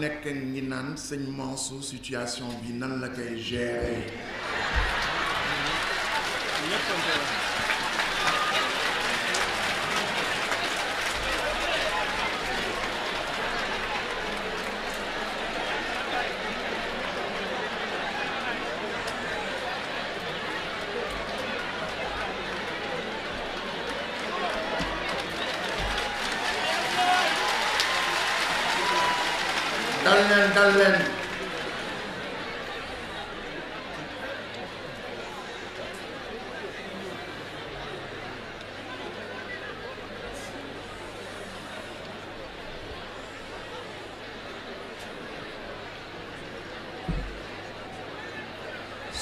nek ngi nan situation bi nan la gérer.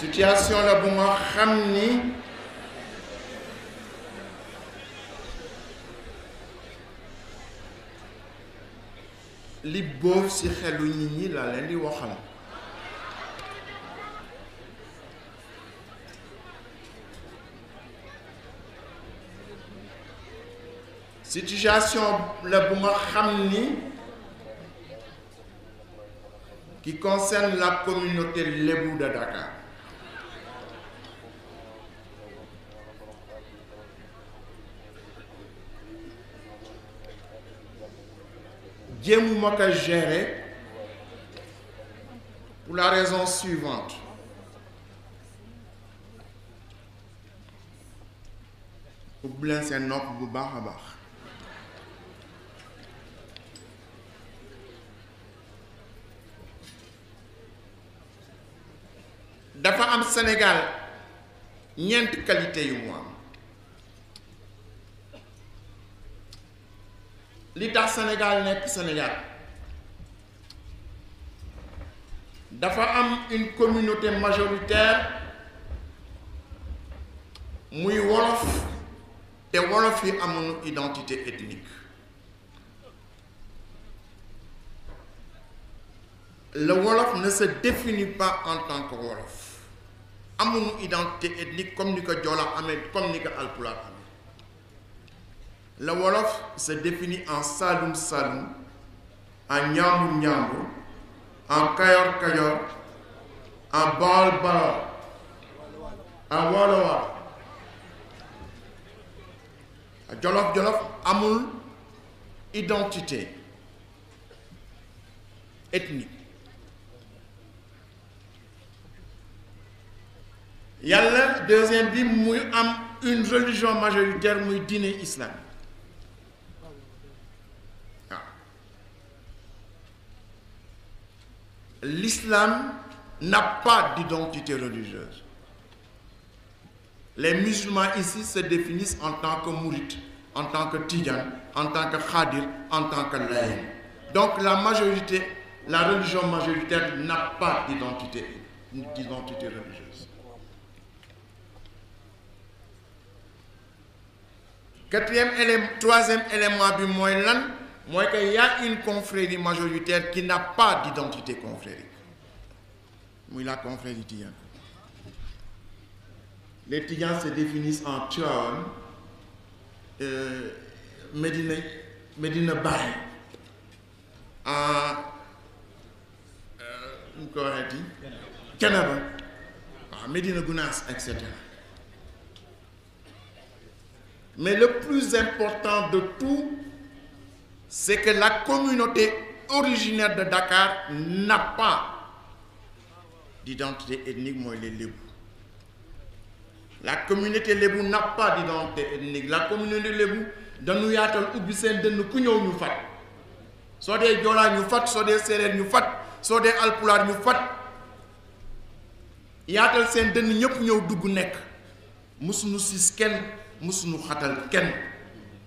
situation la bu nga li la leen di situation la bu qui concerne la communauté lebou de Dakar jéemuma à gérer pour la raison suivante Pour leen seen nopp bu baax a baax dafa am Sénégal qualité yu L'État tax Sénégal nekk Sénégal y am une communauté majoritaire est wolof et wolof a une identité ethnique le wolof ne se définit pas en tant que wolof Il une identité ethnique comme ni ko comme ni ko le Wolof se définit en Saloum Saloum, en Nyambu Nyambu, en Kayor Kayor, en Baal Baal, en walawa. Jolof Jolof amul identité ethnique Yalla, deuxième bi muy am une religion majoritaire muy Islam. islamique l'islam n'a pas d'identité religieuse. Les musulmans ici se définissent en tant que mourites, en tant que tidane, en tant que khadir, en tant que laïm. Donc la majorité, la religion majoritaire n'a pas d'identité, d'identité religieuse. Quatrième élément, troisième élément du moyen moi qu'il y a une confrérie majoritaire qui n'a pas d'identité confrérique. a la confrérie Tiyan. Les Tiyan se définissent en Tuaon, euh, Medina, Medina Bay, à euh, Canada, à Medina Gounas, etc. Mais le plus important de tout, c'est que la communauté originaire de Dakar n'a pas d'identité ethnique, moi, les Lébou. La communauté Lébou n'a pas d'identité ethnique. La communauté Lébou, dañu yaatal ubbi seen dënn ku ñëw ñu fat soit des joolaa ñu fat soit dee séeréer ñu fat ñu fat Nous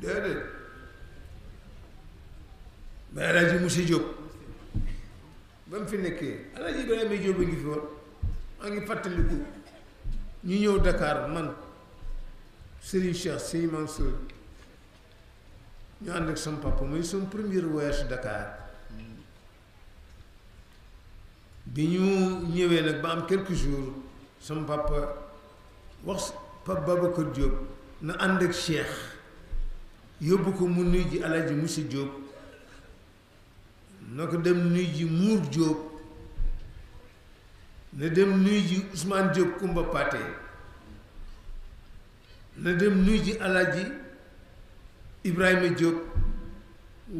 déedéet mais alaaji monsieur Diop ba mu fi nekkee alaaji Ibrahima Diop ngi fi woon maa ngi fàttaliku ñu ñëw Dakar man Serigne Cheikh Sy Mansour ñu ànd ak sama papa muy sama premier voyage Dakar bi ñu ñëwee nag ba am quelques jours sama papa wax papa Babacar Diop na ànd ak Cheikh yóbbu ko mu nuy ji alaaji musa jóob na ko dem nuy ji muur jóob na dem nuy ji Ousmane Diop Kumba Paté na dem nuy ji alaaji Ibrahima Diop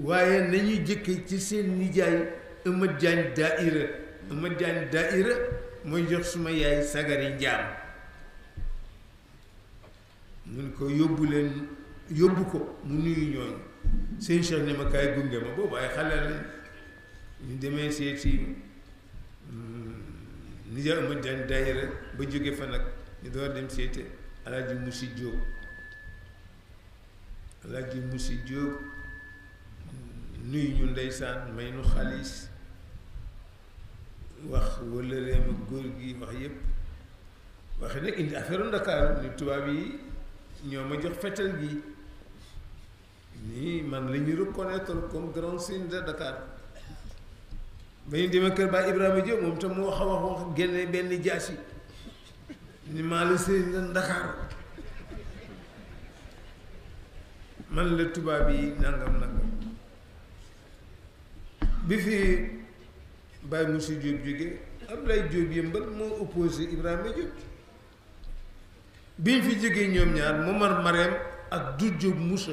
waaye nañu jëkk ci seen nijaay Amath Diagne Daïra Amath Diagne Daïra mooy jox suma yaay sagari njaam mun ko yóbbu leen yóbbu ko mu nuyu ñooñu seen Cheikh ne ma kaay gunge ma boobu ay xale lañ ñu demee seeti nijaay ma daan daayira ba jóge fa nag ñu door dem seete alaaji musi jóob alaaji musi nuyu ñu ndeysaan may nu xaalis wax wëllëreem ak góor gi wax yépp waxe nag indi affaire u Ndakaaru tubaab yi ñoo ma jox fetal gi nii man la ñuy reconnaître comme grand signe de Dakar ba ñu demee kër Baay Ibrahima Diop moom tam mu wax a wax wax génne benn jaasi ni maa la sëriñ la Dakar man la tubaab yi nangam nangam bi fi Baay Moussa Diop jógee Abdoulaye Diop yëmbal moo opposé Ibrahima Diop biñ fi jógee ñoom ñaar Momar Marème ak du Diop Moussa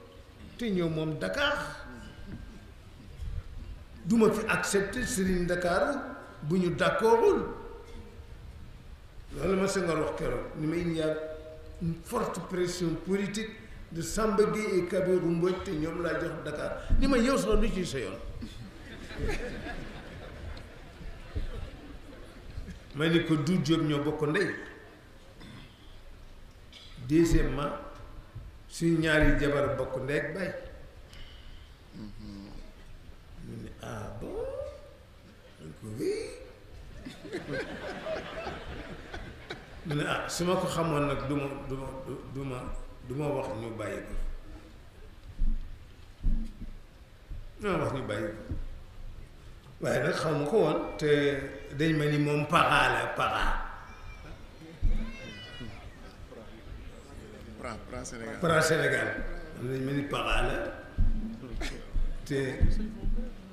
te nous moom Dakar duma fi accepter Serigne Dakar d'accord..! d'accordul loolu ma de wax ni il y a une forte pression politique de Samba et Kabirou Mbodj Dakar ni yow ci Je ni deuxièmement suñ ñaari jabar bokk ndeeg bay mu ne ah bon mu ne ah su ma ko xamoon nag du ma du ma du wax ñu bàyyi ko du ma wax ñu bàyyi ko waaye nag xamu ko woon te dañ ma ni moom paraa la Pra Sénégal Pra Sénégal. dañ mel ni Paxa la te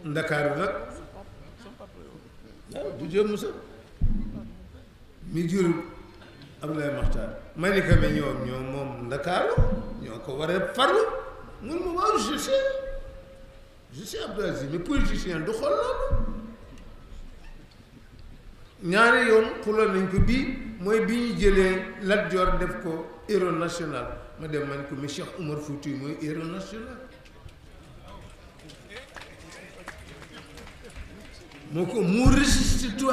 Ndakaaru nag waaw du jëm Moussa mi jur Abdoulaye Makhtar Malika mi ñoom ñoo moom Ndakaaru ñoo ko war a farlu mun ma waaw je sais je sais Abdou Aziz mais politicien du xool loolu ñaari yoon xuloon nañ ko bii mooy bi ñu jëlee Lat Joor def ko héros national ma dem man ko Cheikh un héros national Il suis dit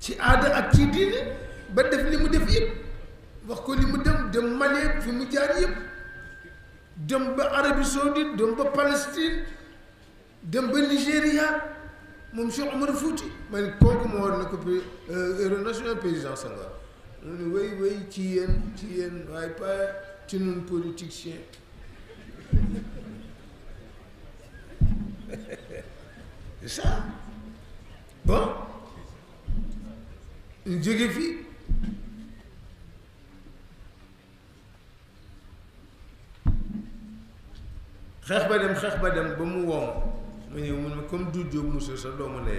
ci ada ak ci ba def li mu def wax ko dem Mali fi mu jaar Arabie Saoudite dem ba Palestine dem nigeria moom Cheikh Omar Fouti ma ne kooku moo war na ko euh, héros national président Senghor mu ne wéy wéy ci yéen ci yéen waaye pas ci nun politicien c'est ça bon ñu fii xeex ba dem xeex ba dem ba mu woom ma ñëw mu ne comme du jóob monsieur sa doomu la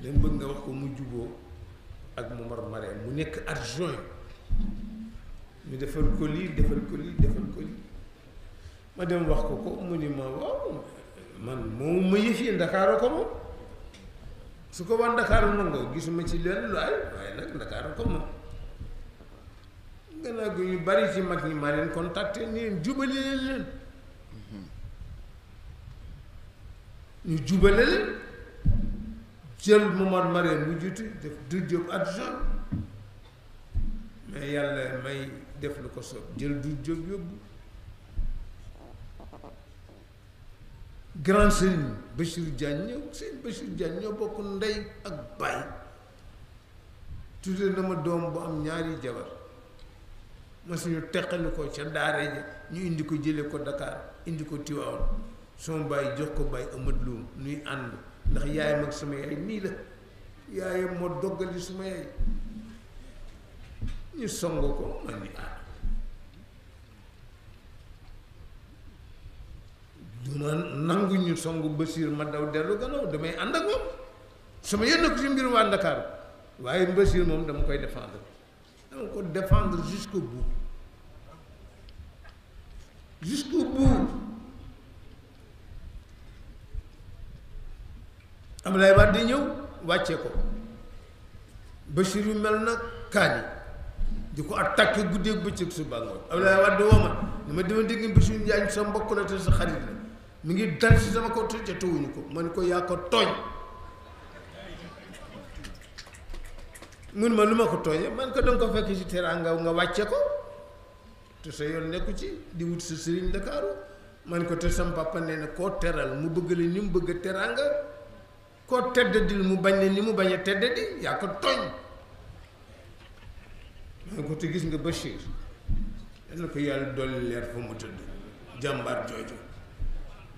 leen bëgg nga wax ko mu juboo ak Momar Marème mu nekk adjoint ñu defal ko lii defal ko lii defal ko lii ma dem wax ko ko mu ni ma waaw man moom ma yëf yi Ndakaaru ko moom su ko waa Ndakaaru nangoo gisuma ci leen lu ay waaye nag Ndakaaru ko moom gannaaw gi ñu bari ci mag ñi maa leen contacté nii jubali leen ñu jubale leen jël Momar Marème mu jiitu def du Diop adjoint mais yàlla may def lu ko soob jël du Diop yóbbu grand Serigne Bachir Diagne ñëw Serigne Bachir Diagne ñoo bokk ndey ak baay tuddee na doom bu am ñaari jabar ma suñu teqali ko ca daara ja ñu indi ko jële ko Dakar indi ko Tivaouane sama bàyyi jox ko bàyyi amat loom nuy ànd ndax yaayam ak sama yaay nii la yaayam moo doggali sama yaay ñu songo ko man ni ànd ah. duma nangu ñu songu Basiir ma daw dellu gannaaw damay ànd ak moom sama yenn ko ci mbir waa Ndakaaru waaye Basiir moom dama koy défendre dama ko défendre jusqu'au bout jusqu'au bout am Wade di ñëw wàccee ko Bachir yu mel na kaani di ko attaqué guddeeg bëccëg suba ak ngoon Abdoulaye Wade woo ma ne ma dama dégg Bachir Ndiagne sa mbokk la te sa xarit mu ngi dal si sama ko te ko ma ne ko yaa ko tooñ mun ma lu ma ko tooñee man ko danga ko fekk ci teraanga nga wàcce ko te sa yoon nekku ci di wut sa sëriñ Ndakaaru man ko te sam papa nee na koo teral mu bëgg la ni mu bëgg teraanga ko tedd mu bañ ne ni mu bañ a tedd yaa ko ko te gis nga Bachir ko yàlla dolli leer fa mu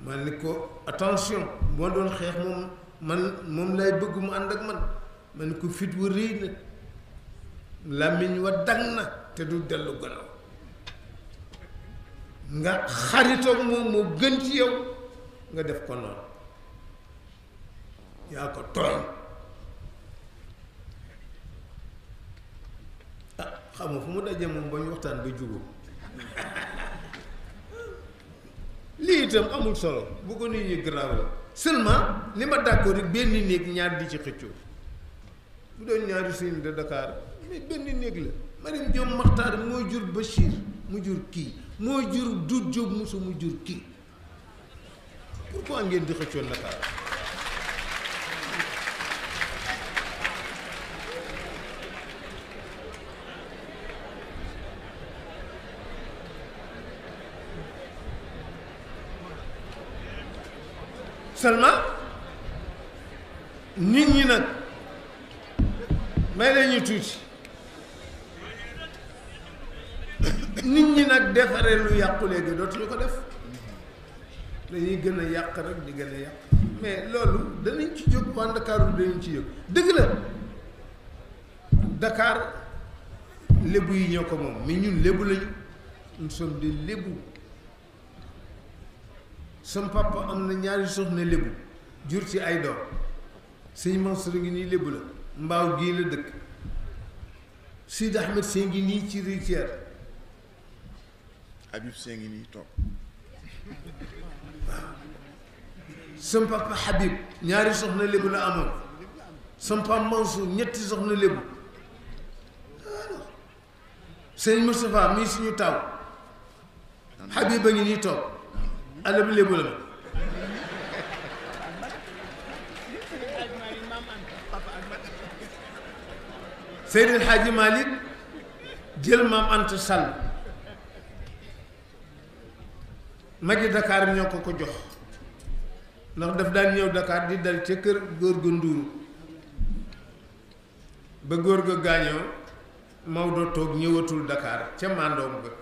man ko attention moo doon xeex moom man moom lay bëgg mu ànd ak man ni ko fit wa rëy na wa dang te du dellu nga ci yow nga def ko yaa ko toroon ah xam nga mu dajee moom ba ñu waxtaan ba jubóo lii itam amul solo bu ko nit ñi grave la seulement li ma d'accord rek benn néeg ñaar di ci xëccoo bu doon ñaari suñu de Dakar benn néeg la Mariam Diop Maxtaar moo jur Bachir mu jur kii moo jur Doudou Diop Moussa mu jur kii pourquoi ngeen di xëccoo Dakar seulement nit ñi nag may la ñu tuuti nit ñi nag defaree lu yàqu léegi dootuñu ko def dañuy gën a yàq rek di gën a yàq mais loolu danañ ci jóg waa Ndakaaru danañ ci jóg dëgg la Dakar lébu yi ñoo ko moom mais ñun lébu lañu nous sommes des lébu sama papa am na ñaari soxna lébu jur ci ay doom sëñ Mansour ngi nii lébu la mbaaw gii la dëkk Sidi Ahmed Sy ngi nii ci ritière Habib Sy ngi nii toog waaw sama ñaari soxna lébu la amoon sama papa ñetti soxna lébu sëñ Moustapha mii suñu taw Habib a ngi nii toog ala bi lébu la ma Seydil Hadji Malick jël maam Anta Sall magi Dakar ñoo ko ko jox ndax daf daan ñëw Dakar di dal ca kër góor ga nduuru ba góor ga gaañoo Maodo toog ñëwatul dakaar ca mandoom ga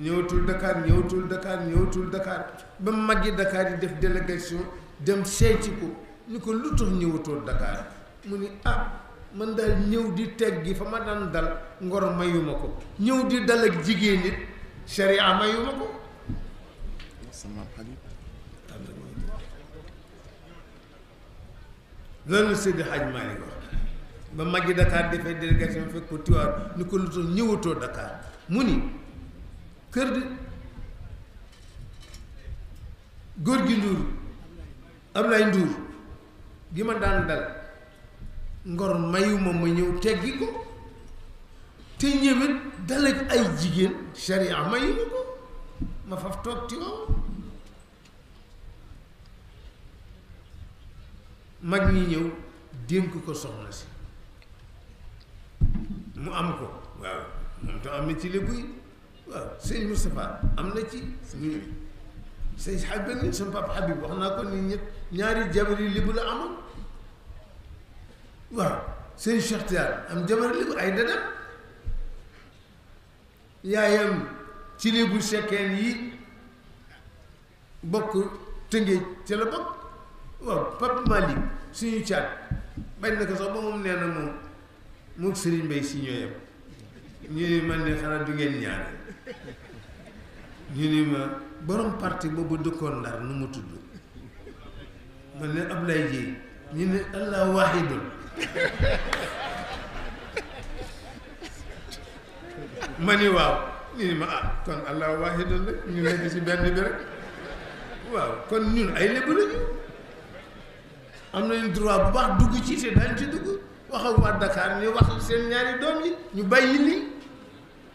ñëwatul Dakar ñëwatul Dakar ñëwatul Dakar ba maggi Dakar di def délégation dem seeti ko ni ko lu tax ñëwatul Dakar mu ni ah man daal ñëw di teggi fa ma daan dal ngor mayuma ko ñëw di dal ak jigéen nit sharia mayuma ko loolu Sidi Hadj Malick wax ba maggi Dakar defee délégation fekk ko tiwaar ni ko lu tax ñëwatoo Dakar mu ni kër di góor gi Ndour Ablaye Ndour gi ma daan dal ngor mayuma ma ñëw teggi ko te ñëwet dalaj ay jigéen sharia mayuma ko ma faf toog ci wow mag ñi ñëw dénk ko soxna si mu am ko waaw moom tam am ci lébu waaw sëñ Moustapha am na ci ñu sëñ Habib ni sama papa Habib wax naa ko ni ñett ñaari jabar yi libu la amoon waaw sëñ Cheikh am jabar libu ay dana yaayam ci libu sekkeen yi bokk tëngéej ca la bokk waaw Papa Malick suñu caat bañ na ko sax ba moom nee na moom moog Serigne Mbaye si ñooyam ñu man ne xanaa du ngeen ñaare ñu ni ma borom parti boobu dëkkoon ndar nu mu tudd ma ne Ablaye Dieye ñu ne allah wahidul ma ni waaw ñu ni ma ah kon allah wahidul la ñu nekk ci benn bi rek waaw kon ñun ay lébu lañu am nañu droit bu baax dugg ci te daañu ci dugg wax waa Dakar ñu wax seen ñaari doom yi ñu bàyyi lii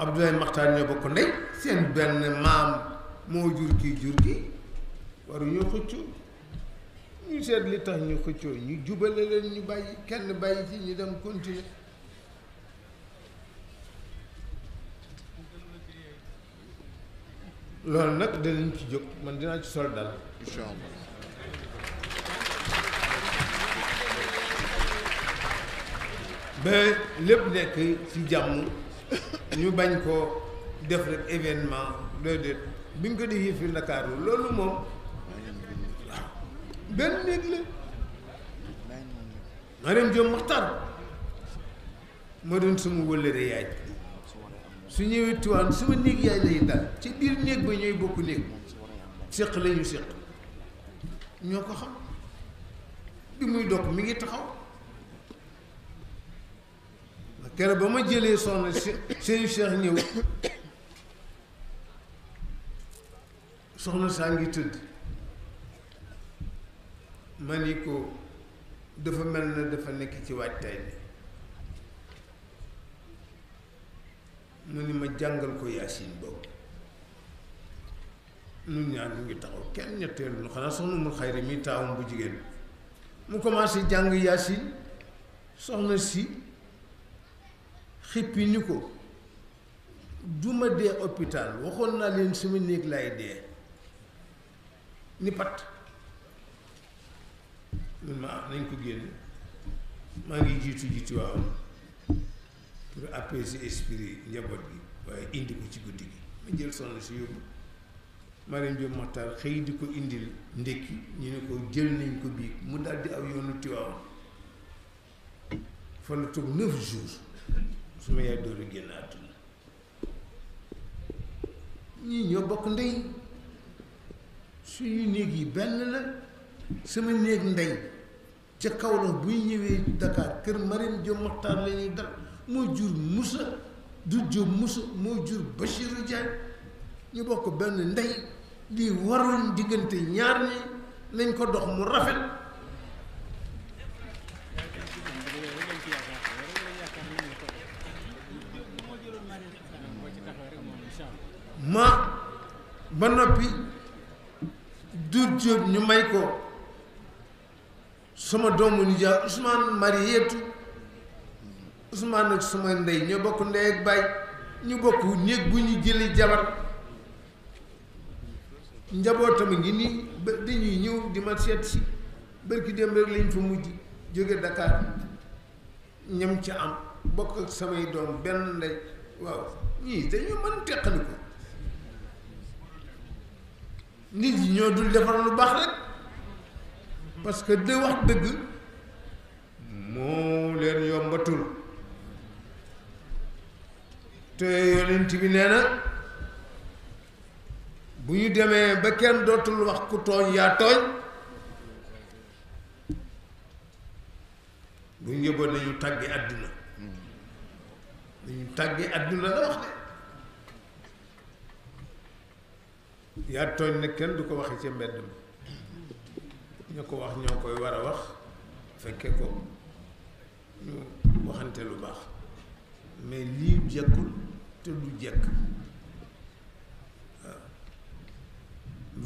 Abdoulaye Makhtar ñoo bokk ndey seen benn maam moo jur kii jur gi waruñu xëccoo ñu seet li tax ñu xëccoo ñu jubale leen ñu bàyyi kenn bàyyi ci ñu dem continuer loolu nag danañ ci jóg man dinaa ci sol dal incha lépp nekk ci jàmm ñu bañ ko def rek événement déedéet bi ñu ko defee fii Ndakaaru loolu moom waaw benn néeg la Mariam Diop Makhtar moo doon suma wëllëre yaay su ñëwee tuwaan suma néeg yaay lay dal ci biir néeg ba ñooy bokk néeg séq la ñu séq ñoo ko xam bi muy dox mi ngi taxaw kere ba ma jëlee soxna sëñ Cheikh ñëw soxna saa ngi tëdd ma ni ko dafa mel na dafa nekk ci waajtaay bi mu ni ma jàngal ko yaasin boobu nun ñaar ñu ngi taxaw kenn ñetteel lu xanaa soxna mu xayri mi taawam bu jigéen mu commencé jàng yaasin soxna si xippi ni ko duma dee hôpital waxoon naa leen sama néeg laay dee ni pat mun ma am ah, nañ ko génn maa ngi jiitu jiitu waaw pour apaiser esprit njaboot gi waaye indi ko ci guddi gi ma jël sonn si yóbbu Mariam Diop Makhtar xëy di ko indil ndékki ñu ne ko jël nañ ko biig mu daldi aw yoonu Tiwaawan la toog neuf jours suma yaay dóor a génn àdduna ñii ñoo bokk ndey suñu néeg yi benn la sama néeg ndey ca Kaolack buy ñëwee Dakar kër Mariam Diop Mokhtar la ñuy dal moo jur Moussa du Diop Moussa moo jur Bachirou Diagne ñu bokk benn ndey lii waroon diggante ñaar ñi nañ ko dox mu rafet ma ba noppi Doudou Diop ñu may ko sama doomu nijaay Ousmane Marietou Ousmane ak sama ndey ñoo bokk ndey ak baay ñu bokk néeg bu ñu jële jabar njabootam ngi nii ba dañuy ñëw di ma seet si bërki dem rek lañ fa mujj jóge Dakar ñam ci am bokk ak samay doom benn ndey waaw ñii dañu mën teqali nit ñi ñoo dul defar lu baax rek parce que de wax dëgg moo leen yombatul te yonent bi nee na bu ñu demee ba kenn dootul wax ku tooñ yaa tooñ bu njëboon nañu tàggi àdduna dañuy tàggee àdduna la wax de yaa tooñ nag kenn du ko waxee ca mbedd mi ñu ko wax ñoo koy war a wax fekke ko ñu waxante lu baax mais lii jekkul te du jëkk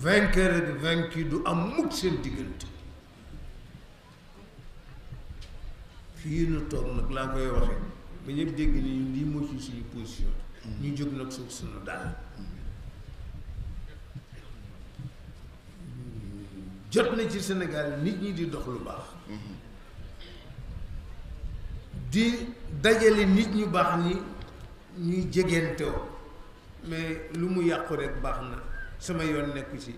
waaw ak vaincu du am mukk seen diggante fii nu toog nag laa koy waxee ba ñëpp dégg nañu lii moo suñu position ñu jóg nag suuf suñu daal jot na ci Sénégal nit ñi di dox lu baax di dajale nit ñu baax ni ñuy jegentewoo mais lu mu yàqu rek baax na sama yoon nekku ci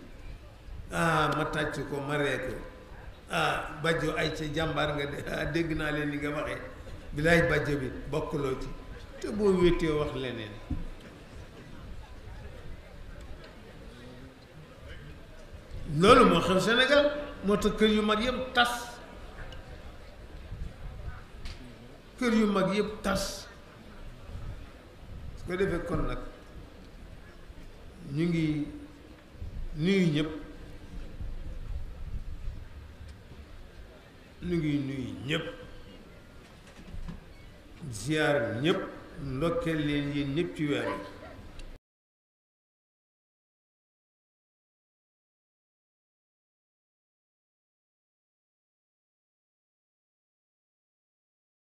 ah ma tàcc ko ma ree ko ay ah, ca jàmbaar nga de ah, dégg naa leen li nga waxee bilaay bàjj bi bokkuloo ci te boo wéetee wax leneen loolu moo xam Sénégal moo tax kër yu mag yëpp tas kër yu mag yëpp tas su ko defee kon nag ñu ngi nuyu ñëpp ñu ngi nuyu ñëpp ziar ñëpp ndokkeel leen yéen ñëpp ci weer